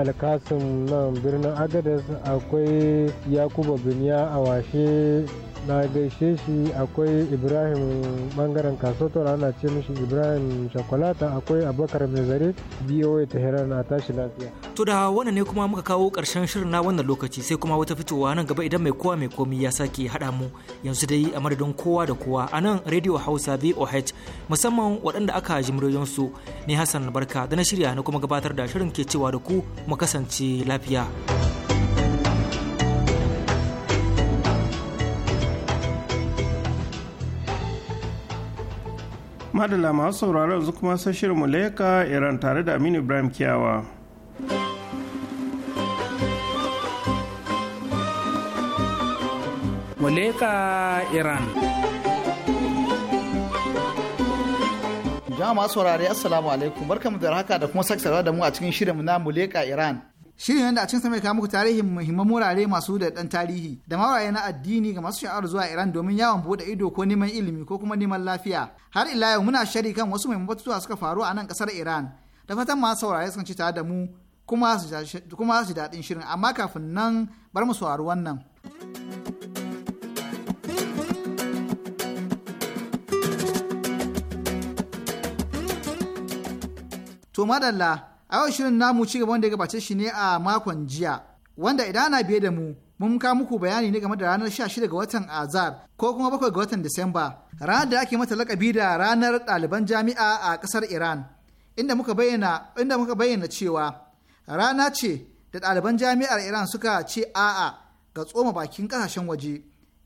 alkasim nan birnin agadas akwai yakuba biniya a washe na gaishe shi akwai ibrahim ibrahim bangaren kasoto ana ce mishi ibrahim shakwalata akwai abokar mai zare boa hira a tashi lafiya to da wannan ne kuma muka kawo karshen shirin na wannan lokaci sai kuma wata fitowa nan gaba idan mai kowa mai komi ya sake haɗa mu yanzu dai a madadin kowa da kowa a nan radio hausa voh musamman waɗanda aka ji su ne hassan barka da na shirya na kuma gabatar da shirin ke cewa da ku mu kasance lafiya. madala masu sauraro yanzu kuma sai shirin muleka iran tare da aminu ibrahim kiyawa muleka iran jama'a masu saurari assalamu alaikum barkamu da haka da kuma saksawa da mu a cikin shirin na muleka iran Shirin yadda a cin samai kawo muku tarihin muhimman murare masu da dan tarihi da mawaye na addini ga masu sha'awar zuwa Iran domin yawon bude ido ko neman ilimi ko kuma neman lafiya. Har ila yau muna shari kan wasu muhimman batutuwa suka faru a nan kasar Iran. Da fatan masu saurare sun ci tare da mu kuma su daɗin shirin amma kafin nan bar mu saurari wannan. To madalla a yau shirin namu ci gaba wanda ya gabace shi ne a makon jiya wanda idan ana biye da mu mun ka muku bayani ne game da ranar 16 ga watan azar ko kuma 7 ga watan disamba ranar da ake mata lakabi da ranar ɗaliban jami'a a ƙasar iran inda muka bayyana inda muka bayyana cewa rana ce da ɗaliban jami'ar iran suka ce a'a ga tsoma bakin ƙasashen waje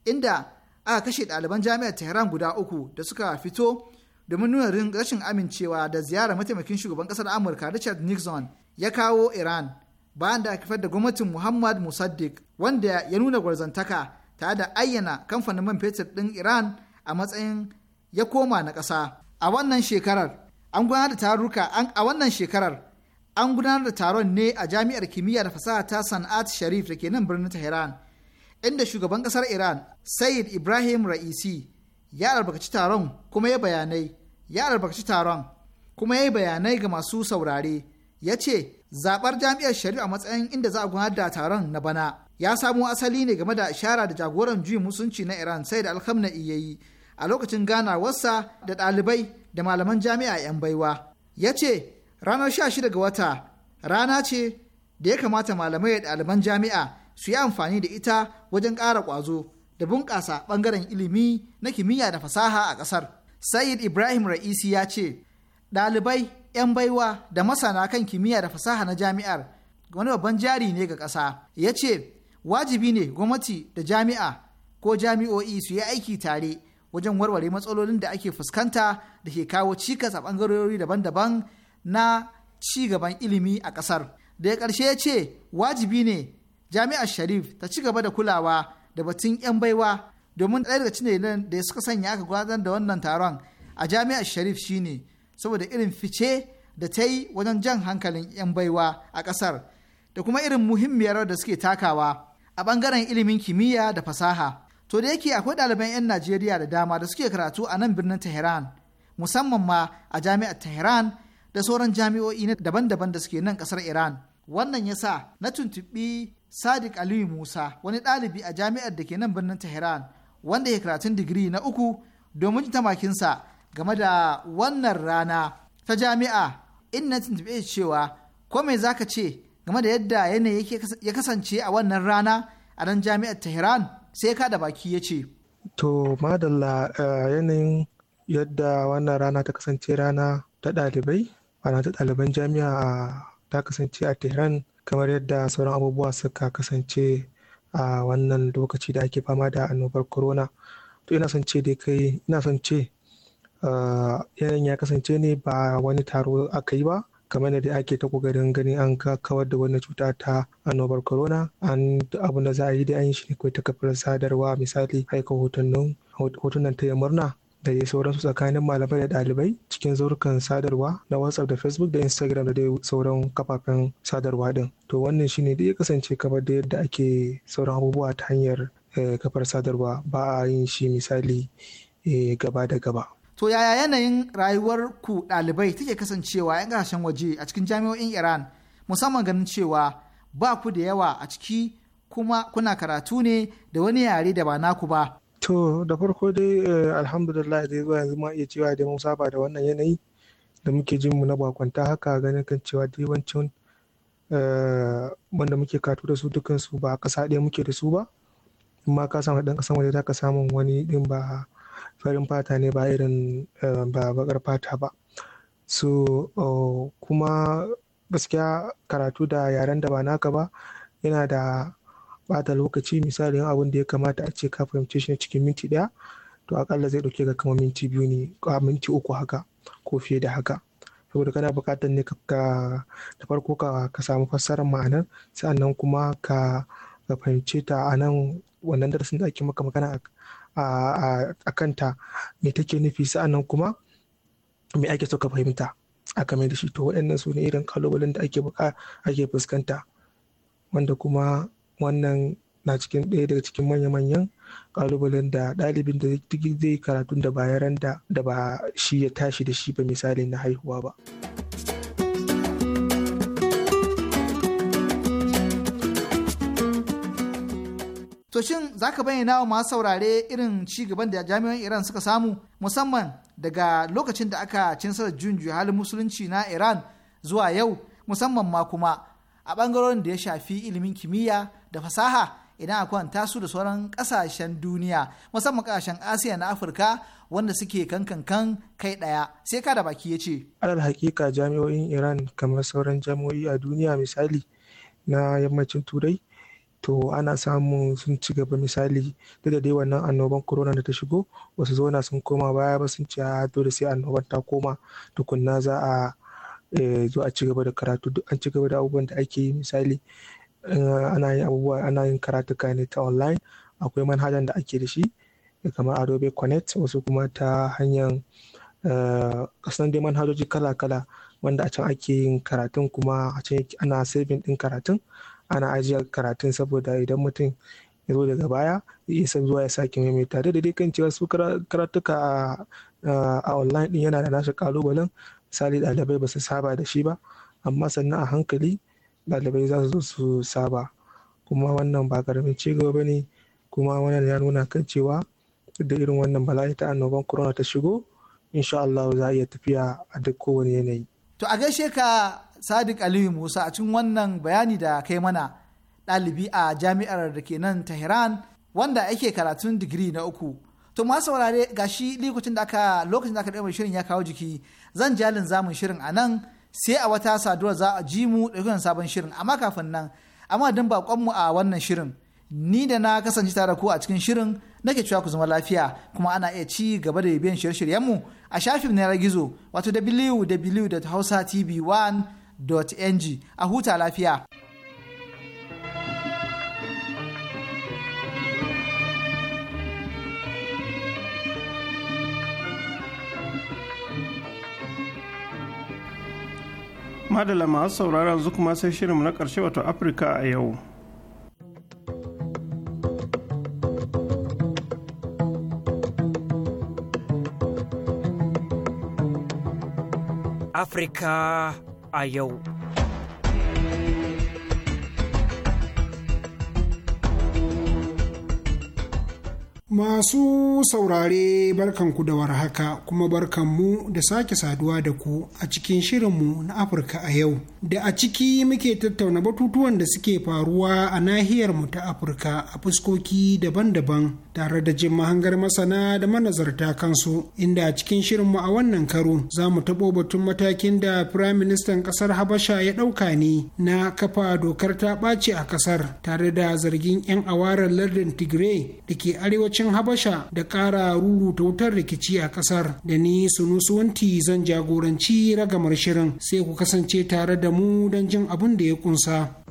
inda aka kashe ɗaliban jami'ar tehran guda uku da suka fito domin nuna rashin amincewa da ziyarar mataimakin shugaban kasar amurka richard nixon ya kawo iran bayan da aka da gwamnatin muhammad musaddiq wanda ya nuna gwarzantaka tare da ayyana kamfanin man fetur ɗin iran a matsayin ya koma na kasa. a wannan shekarar an gudanar da taruka a wannan shekarar an gudanar da taron ne a jami'ar kimiyya da fasaha ta sana'at sharif da ke nan birnin tehran inda shugaban kasar iran sayid ibrahim ra'isi ya albarkaci taron kuma ya bayanai ya albarkaci taron kuma ya yi bayanai ga masu saurare ya ce zaɓar jami'ar shari'a a matsayin inda za a gudanar da taron na bana ya samo asali ne game da ishara da jagoran juyin musunci na iran sai da alhamna iya yi a lokacin ganawarsa da ɗalibai da malaman jami'a 'yan baiwa ya ce ranar 16 ga wata rana ce da ya kamata malamai da ɗaliban jami'a su yi amfani da ita wajen ƙara ƙwazo da bunƙasa ɓangaren ilimi na kimiyya da fasaha a ƙasar. Sayyid Ibrahim Ra'isi ya ce, ɗalibai, 'yan baiwa da masana kan kimiyya da fasaha na jami'ar wani babban jari ne ga ƙasa. Ya ce, wajibi ne gwamnati da jami'a ko jami'o'i su yi aiki tare wajen warware matsalolin da ake fuskanta da ke kawo cikas a ɓangarori daban-daban na ci gaban ilimi a ƙasar. Da ya ƙarshe ya ce, wajibi ne jami'ar Sharif ta ci gaba da kulawa da batun 'yan baiwa domin ɗaya daga cikin da suka sanya aka gudanar da wannan taron a jami'ar sharif shine saboda irin fice da ta yi wajen jan hankalin 'yan baiwa a ƙasar da kuma irin muhimmiyar da suke takawa a ɓangaren ilimin kimiyya da fasaha to da yake akwai ɗaliban 'yan najeriya da dama da suke karatu a nan birnin tehran musamman ma a jami'ar tehran da sauran jami'o'i daban-daban da suke nan ƙasar iran wannan yasa na tuntuɓi sadiq aliyu musa wani ɗalibi a jami'ar da ke nan birnin tehran wanda ya karatun digiri na uku domin jin tamakinsa game da wannan rana ta jami'a inna tuntuɓe cewa ko me zaka ce game da yadda yanayi ya kasance a wannan rana a nan jami'ar tehran sai ka da baki ya ce to madalla eh, yanayin yadda wannan rana ta kasance rana ta ɗalibai rana ta ɗaliban jami'a ta kasance a tehran kamar yadda sauran abubuwa suka kasance a wannan lokaci da ake fama da annobar corona to ina son ce dai kai ina son ce yanayin ya kasance ne ba wani taro aka yi ba kamar da ake ta kokarin ganin an ga kawar da wannan cuta ta annobar corona an abu da za a yi da an yi shi ne kawai ta kafar sadarwa misali aika hotunan ta taya murna da dai sauransu tsakanin malamai da ɗalibai cikin zaurukan sadarwa na WhatsApp da Facebook da Instagram da dai sauran kafafen sadarwa din. To wannan shine da ya kasance kamar da yadda ake sauran abubuwa ta hanyar eh, kafar sadarwa ba a yin shi misali eh, gaba da gaba. To yaya yanayin rayuwar ku ɗalibai take kasancewa 'yan kasashen waje a cikin jami'o'in Iran musamman ganin cewa ba ku da yawa a ciki kuma kuna karatu ne da wani yare da ba naku ba. To da farko dai eh, alhamdulillah dai zuwa yanzu ma iya cewa dai mun saba da wannan yanayi da muke jin mu na bakwanta haka ganin kan cewa dai wancan eh, wanda muke kato da su dukkan su ba ƙasa ɗaya muke da su ba amma ka samu dan ƙasan waje za ka wani din ba farin fata ne ba irin eh, ba baƙar fata ba so oh, kuma gaskiya karatu da yaren da ba naka ba yana da bata lokaci misali abin da ya kamata a ce ka fahimce shi cikin minti daya, to akalla zai ɗauke ka kamar minti biyu ne a minti uku haka ko fiye da haka saboda kana buƙatar ne ka da farko ka samu fassarar ma'anar sannan kuma ka fahimce ta a nan wannan darasin da ake maka magana a kanta me take nufi sa'annan kuma me ake so ka fahimta a game da shi to waɗannan su irin kalubalen da ake ake fuskanta wanda kuma wannan na cikin ɗaya daga cikin manya-manyan kalubalen da ɗalibin da zai karatun da ya da da ba shi ya tashi da shi ba misali na haihuwa ba. To shin za ka bayyana wa masu saurare irin ci gaban da jami'an Iran suka samu musamman daga lokacin da aka cin da junjuyi halin musulunci na Iran zuwa yau musamman ma kuma a ɓangaren da ya shafi ilimin kimiyya da fasaha idan akwai kwanta su da sauran kasashen duniya musamman kasashen asiya na afirka wanda suke kankankan kai daya sai ka da baki ya ce alal hakika jami'o'in iran kamar sauran jami'o'i a duniya misali na yammacin turai to ana samun sun ci gaba misali duk da dai wannan annoban corona da ta shigo wasu zona sun koma baya ba sun a dole sai annoban ta koma tukunna za a eh, zo a ci gaba da karatu duk an ci gaba da abubuwan da ake yi misali Eh, ana yin abubuwa ana yin karatuka ne ta online akwai manhajan da ake da shi kamar adobe connect wasu kuma ta hanyar eh, kasan dai manhajoji kala-kala wanda a can ake yin karatun kuma a can ana saving din karatun ana ajiyar karatun saboda idan mutum ya zo daga baya ya san zuwa ya sake maimaita da daidai kan cewa su karatuka eh, a online din yana da nashi kalubalen misali ɗalibai ba su saba da shi ba amma sannan a hankali ɗalibai za su zo su saba kuma wannan ba karamin cigaba ba ne kuma wannan ya nuna kan cewa da irin wannan bala'i ta annoban corona ta shigo insha Allah za a iya tafiya a duk kowane yanayi. To a gaishe ka Sadiq Aliyu Musa a cikin wannan bayani da kai mana ɗalibi a jami'ar da ke nan Tehran wanda ake karatun digiri na uku. To ma saurare gashi lokacin da aka lokacin da aka ɗaya shirin ya kawo jiki zan jalin zamun shirin a nan sai a wata saduwar za a ji mu ɗaukan sabon shirin amma kafin nan amma din mu a wannan shirin ni da na kasance tare ku a cikin shirin nake cewa ku zama lafiya kuma ana iya ci gaba da biyan shirye mu a shafin na gizo wato www.hausatv1.ng a huta lafiya. madala masu saurara yanzu kuma sai shirinmu na ƙarshe wato afirka a yau afirka a yau Masu saurare barkanku da warhaka kuma barkanmu da sake saduwa da ku a cikin shirinmu na Afirka a yau. Da a ciki muke tattauna batutuwan da suke faruwa a nahiyarmu ta Afirka a fuskoki daban-daban tare da jin mahangar masana da manazarta kansu inda a cikin shirinmu a wannan karo za mu taɓo batun matakin da Firayim Ministan ƙasar Habasha ya ɗauka ne na kafa dokar ta ɓaci a ƙasar tare da zargin 'yan awarar lardin Tigray da ke arewacin ƙasashen habasha da ƙara ruruta wutar rikici a ƙasar da ni sunusuwanti zan jagoranci ragamar shirin sai ku kasance tare da mu don jin abin da ya kunsa.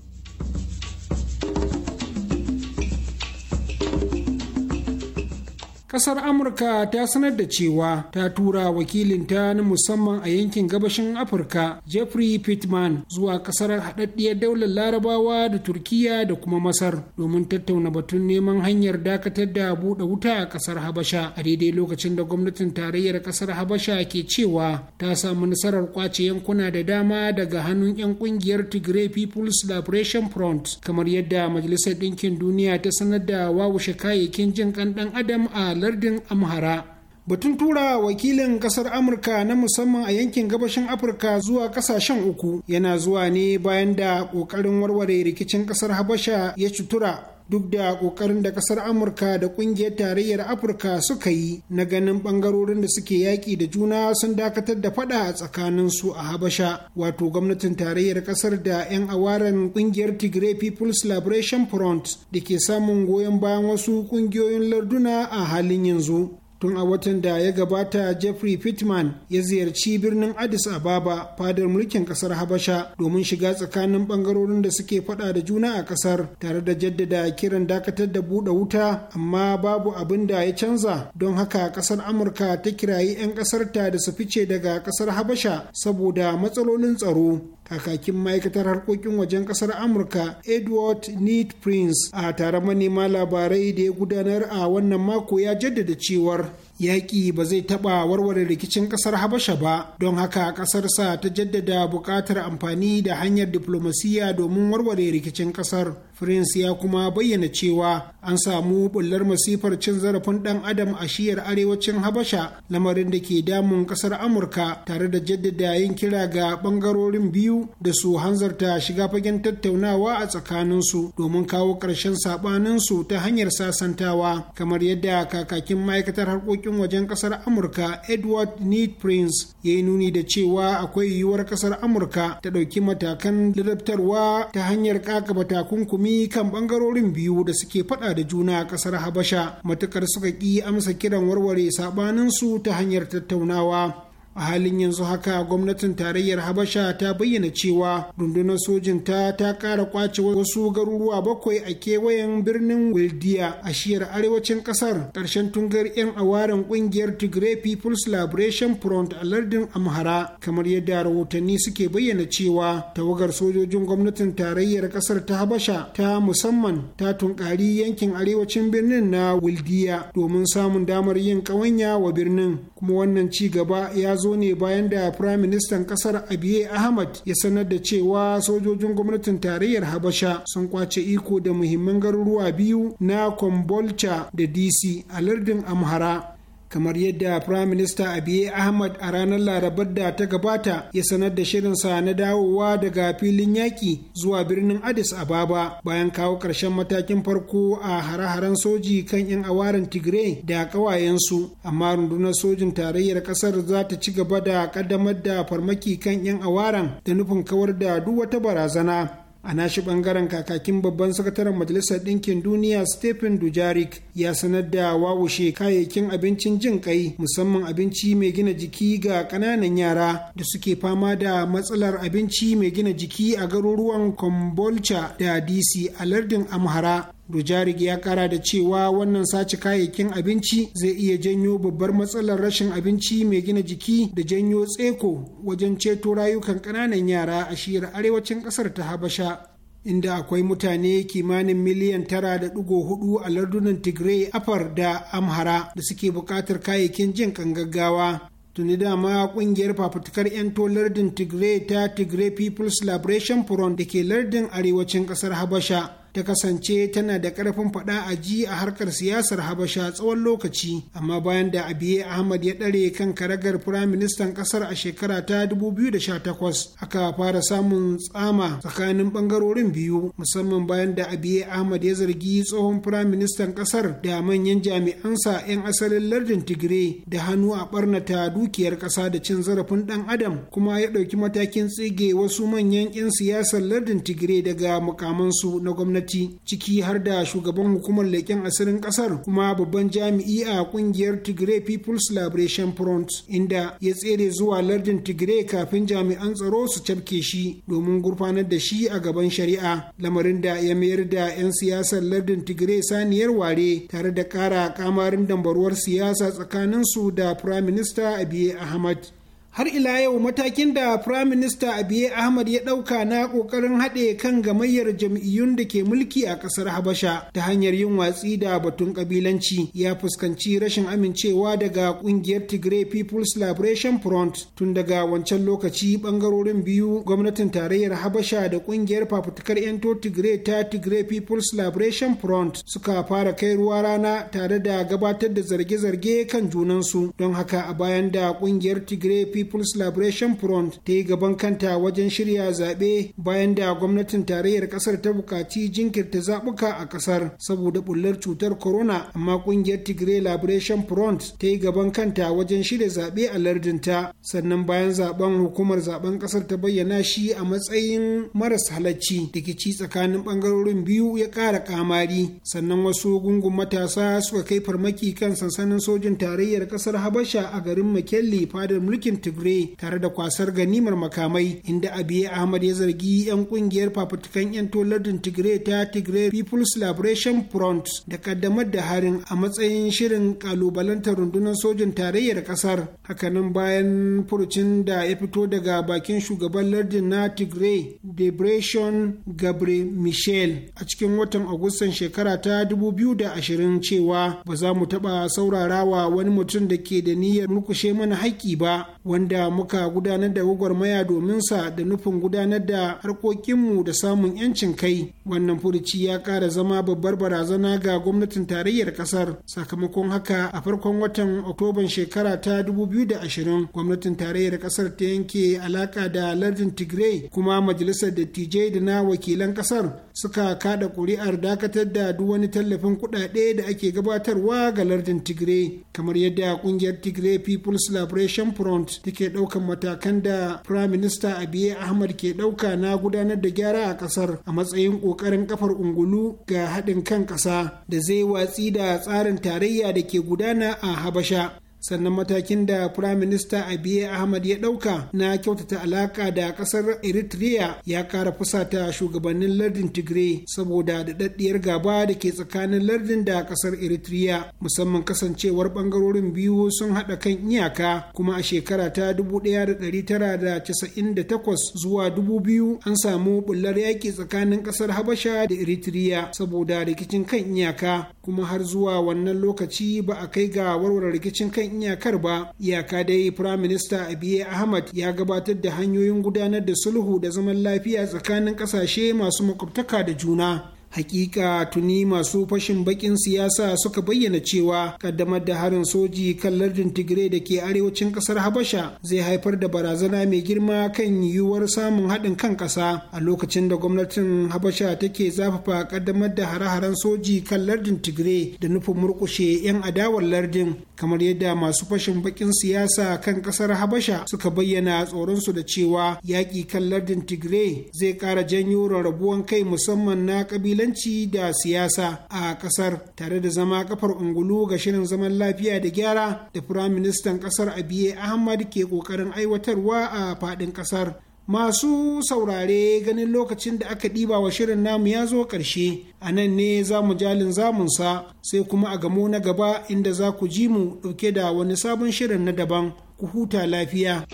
kasar amurka ta sanar da cewa ta tura wakilinta na musamman a yankin gabashin afirka jeffrey pittman zuwa kasar haɗaɗɗiyar daular larabawa da turkiya da kuma masar domin tattauna batun neman hanyar dakatar da buɗe wuta a kasar habasha a daidai lokacin da gwamnatin tarayyar kasar habasha ke cewa ta samu nasarar kwace yankuna da dama daga hannun 'yan kungiyar tigray people's liberation front kamar yadda majalisar ɗinkin duniya ta sanar da wawushe kayayyakin jin kan ɗan adam a lardin amhara batun tura wakilin kasar amurka na musamman a yankin gabashin afirka zuwa kasashen uku yana zuwa ne bayan da kokarin warware rikicin kasar habasha ya cutura duk da kokarin da kasar amurka da ƙungiyar tarayyar afirka suka yi na ganin ɓangarorin da suke yaƙi da juna sun dakatar da faɗa a tsakanin su a habasha wato gwamnatin tarayyar ƙasar da 'yan awaren ƙungiyar tigray people's liberation front da ke samun goyon bayan wasu ƙungiyoyin larduna a halin yanzu tun a watan da ya gabata jeffrey pittman ya ziyarci birnin addis ababa fadar mulkin kasar habasha domin shiga tsakanin bangarorin da suke fada da juna a kasar tare da jaddada kiran dakatar da buɗe wuta amma babu abin da ya canza don haka kasar amurka ta kirayi 'yan kasar ta da su fice daga kasar habasha saboda matsalolin tsaro kakakin ma'aikatar harkokin wajen kasar amurka edward Neat prince a tare manema labarai da ya gudanar a wannan mako ya jaddada cewar yaƙi ba zai taɓa warware rikicin ƙasar habasha ba don haka ƙasarsa ta jaddada buƙatar amfani da hanyar diflomasiyya domin warware rikicin ƙasar prince ya kuma bayyana cewa an samu bullar masifar cin zarafin ɗan adam a shiyar arewacin habasha lamarin da ke damun ƙasar amurka tare da jaddada yin kira ga ɓangarorin biyu da su hanzarta shiga fagen tattaunawa a tsakaninsu domin kawo ƙarshen saɓaninsu ta hanyar sasantawa kamar yadda kakakin ma'aikatar harkokin harkokin wajen kasar amurka edward need prince ya yi nuni da cewa akwai yiwuwar kasar amurka ta ɗauki matakan ladabtarwa ta hanyar kakaba takunkumi kan ɓangarorin biyu da suke faɗa da juna a kasar habasha matukar suka ƙi amsa kiran warware saɓaninsu ta hanyar tattaunawa a halin yanzu haka gwamnatin tarayyar habasha ta bayyana cewa rundunar sojin ta ta kara kwace wasu garuruwa bakwai a kewayen birnin wildiya a shiyar arewacin kasar ƙarshen tungar 'yan awarin ƙungiyar tigray people's liberation front a lardin amhara kamar yadda rahotanni suke bayyana cewa tawagar sojojin gwamnatin tarayyar kasar ta habasha ta musamman ta tunkari yankin arewacin birnin na wildiya domin samun damar yin ƙawanya wa birnin kuma wannan ci gaba ya zo zo ne bayan da Firayim Ministan kasar Abiye Ahmad ya sanar da cewa sojojin gwamnatin tarayyar Habasha sun kwace iko da muhimman garuruwa biyu na Kombolcha da DC a lardin Amhara. kamar yadda Prime Minister Abiy Ahmad a ranar Larabar da ta gabata ya sanar da shirinsa na dawowa daga filin yaƙi zuwa birnin Addis Ababa bayan kawo ƙarshen matakin farko a hare-haren soji kan 'yan awarin Tigray da ƙawayensu, amma rundunar sojin tarayyar ƙasar za ta ci gaba da ƙaddamar da farmaki kan 'yan awaran da nufin kawar da duk wata barazana. a nashi bangaren kakakin babban sakataren majalisar ɗinkin duniya stephen dujarik ya sanar da wawushe kayayyakin abincin jin kai musamman abinci mai gina jiki ga ƙananan yara da suke fama da matsalar abinci mai gina jiki a garuruwan kombolcha da dc a lardin amhara dujarig ya kara da cewa wannan sace kayayyakin abinci zai iya janyo babbar matsalar rashin abinci mai gina jiki da janyo tseko wajen ceto rayukan ƙananan yara a shiyar arewacin ƙasar ta Habasha. inda akwai mutane kimanin miliyan tara da ɗigo hudu a lardunan tigray afar da amhara da suke buƙatar kayayyakin jin kan gaggawa tuni dama kungiyar fafutukar 'yan lardin tigray ta tigray people's liberation front da ke lardin arewacin ƙasar habasha ta kasance tana da ƙarfin faɗa a ji a harkar siyasar habasha tsawon lokaci amma bayan da abiye ahmad ya ɗare kan karagar firaministan ƙasar a shekara ta 2018 aka fara samun tsama tsakanin ɓangarorin biyu musamman bayan da abiye ahmad ya zargi tsohon firaministan ƙasar da manyan jami'ansa 'yan asalin lardin tigray da hannu a ɓarnata dukiyar ƙasa da cin zarafin ɗan adam kuma ya ɗauki matakin tsige wasu manyan 'yan siyasar lardin tigray daga mukamansu na gwamnati gwamnati ciki har da shugaban hukumar leken asirin kasar kuma babban jami'i a kungiyar Tigray People's Liberation Front inda ya tsere zuwa lardin Tigray kafin jami'an tsaro su cafke shi domin gurfanar da shi a gaban shari'a lamarin da ya mayar da 'yan siyasar lardin Tigray saniyar ware tare da kara kamarin dambaruwar siyasa tsakaninsu da Prime Minister Abiy Ahmad. har ila yau matakin da Prime Minister abiye Ahmad ya ɗauka na ƙoƙarin haɗe kan gamayyar jam'iyyun da ke mulki a ƙasar Habasha ta hanyar yin watsi da batun ƙabilanci ya fuskanci rashin amincewa daga ƙungiyar Tigray People's Liberation Front tun daga wancan lokaci bangarorin biyu gwamnatin tarayyar Habasha da ƙungiyar fafutukar 'yan Tigray ta Tigray People's Liberation Front suka fara kai ruwa rana tare da gabatar da zarge-zarge kan junansu don haka a bayan da ƙungiyar Tigray people's liberation front ta yi gaban kanta wajen shirya zaɓe bayan da gwamnatin tarayyar ƙasar ta buƙaci jinkirta zaɓuka a ƙasar saboda ɓullar cutar corona amma ƙungiyar tigray liberation front ta yi gaban kanta wajen shirya zaɓe a lardinta sannan bayan zaɓen hukumar zaɓen ƙasar ta bayyana shi a matsayin maras halacci rikici tsakanin ɓangarorin biyu ya ƙara ƙamari sannan wasu gungun matasa suka kai farmaki kan sansanin sojin tarayyar ƙasar habasha a garin makelli fadar mulkin tigray Libre tare da kwasar ganimar makamai inda abiy ahmad ya zargi 'yan kungiyar fafutukan 'yan tolardin tigray ta tigre people's liberation front da kaddamar da harin a matsayin shirin kalubalantar rundunar sojin tarayyar kasar hakanan bayan furucin da ya fito daga bakin shugaban lardin na tigre debration gabre michel a cikin watan agustan shekara ta 2020 cewa ba za mu taɓa saurarawa wani mutum da ke da niyyar murkushe mana haƙƙi ba wani wanda muka gudanar da gwagwarmaya domin sa da nufin gudanar da harkokinmu da samun 'yancin kai wannan furuci ya kara zama babbar barazana ga gwamnatin tarayyar kasar sakamakon haka a farkon watan oktoban shekara ta 2020 gwamnatin tarayyar kasar ta yanke alaka da lardin tigray kuma majalisar dattijai da na wakilan kasar suka kada ƙuri'ar dakatar da duk wani tallafin kuɗaɗe da ake gabatarwa ga lardin tigray kamar yadda ƙungiyar tigray people's liberation front ke ɗaukan matakan da Prime Minister Abiy Ahmad ke ɗauka na gudanar da gyara a ƙasar a matsayin ƙoƙarin kafar ungulu ga haɗin kan ƙasa da zai watsi da tsarin tarayya da ke gudana a Habasha. sannan matakin da Prime Minister Abiy Ahmad ya dauka na kyautata alaka da kasar Eritrea ya kara fusata shugabannin lardin Tigray saboda daɗaɗɗiyar gaba da ke tsakanin lardin da ƙasar Eritrea musamman kasancewar ɓangarorin biyu sun haɗa kan iyaka kuma a shekara ta 1998 zuwa 2000 an samu bullar yaƙi tsakanin ƙasar Habasha da Eritrea saboda rikicin kan iyaka kuma har zuwa wannan lokaci ba a kai ga warware rikicin kan iyakar ba iyaka dai prime minister abiy ahmad ya gabatar da hanyoyin gudanar da sulhu da zaman lafiya tsakanin kasashe masu makwabtaka da juna hakika tuni masu fashin bakin siyasa suka bayyana cewa kaddamar da harin soji kan lardin tigray da ke arewacin kasar habasha zai haifar da barazana mai girma kan yiwuwar samun haɗin kan ƙasa a lokacin da gwamnatin habasha take zafafa kaddamar da hare-haren soji kan lardin tigray da nufin murkushe 'yan adawar lardin kamar yadda masu fashin bakin siyasa kan kasar habasha suka bayyana tsoronsu da cewa yaƙi kan lardin tigray zai ƙara janyo rarrabuwan kai musamman na ƙabilan ta'addanci da siyasa a kasar tare da zama kafar ungulu ga shirin zaman lafiya da gyara da firaministan kasar abiye ahmad ke kokarin aiwatarwa a fadin kasar masu saurare ganin lokacin da aka ɗiba wa shirin namu ya zo ƙarshe a nan ne za mu jalin zamunsa sai kuma a gamo na gaba inda za ku ji mu ɗauke da wani sabon shirin na daban ku huta lafiya.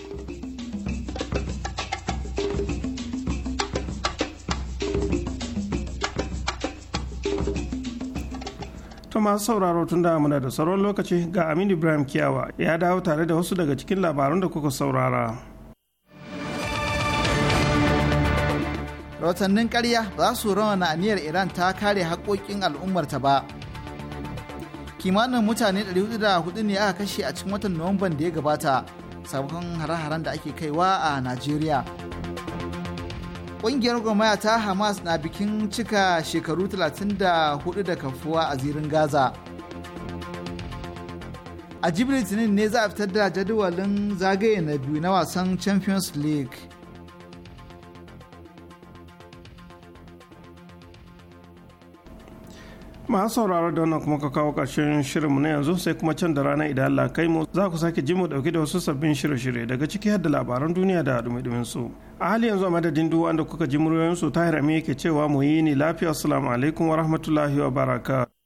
To masu sauraro tun da muna da sauran lokaci ga Amin Ibrahim Kiyawa ya dawo tare da wasu daga cikin labarun da kuka saurara. Rahotannin karya ba su rawana aniyar Iran ta kare haƙoƙin al'ummarta ba. Kimanin mutane 404 ne aka kashe a cikin watan Nuwamban da ya gabata, sabon hare-haren da ake kaiwa a Najeriya. ƙungiyar gwamnati ta hamas na bikin cika shekaru 34 da da kafuwa a zirin gaza a jibi litinin ne za a fitar da jadawalin zagaye na biyu na wasan champions league masu sauraro da wannan kuma ka kawo ƙarshen shirinmu na yanzu sai kuma can da rana idan Allah kai mu za ku sake ji mu dauke da wasu sabbin shirye-shirye daga ciki har da labaran duniya da dumi su. A hali yanzu a madadin duk wanda kuka ji muryoyin su tahir ke cewa mu yi ni lafiya assalamu alaikum wa rahmatullahi wa baraka.